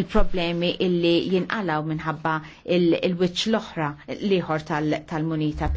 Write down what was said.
il-problemi illi jinqalaw minħabba il wiċċ l-oħra liħor tal-munita.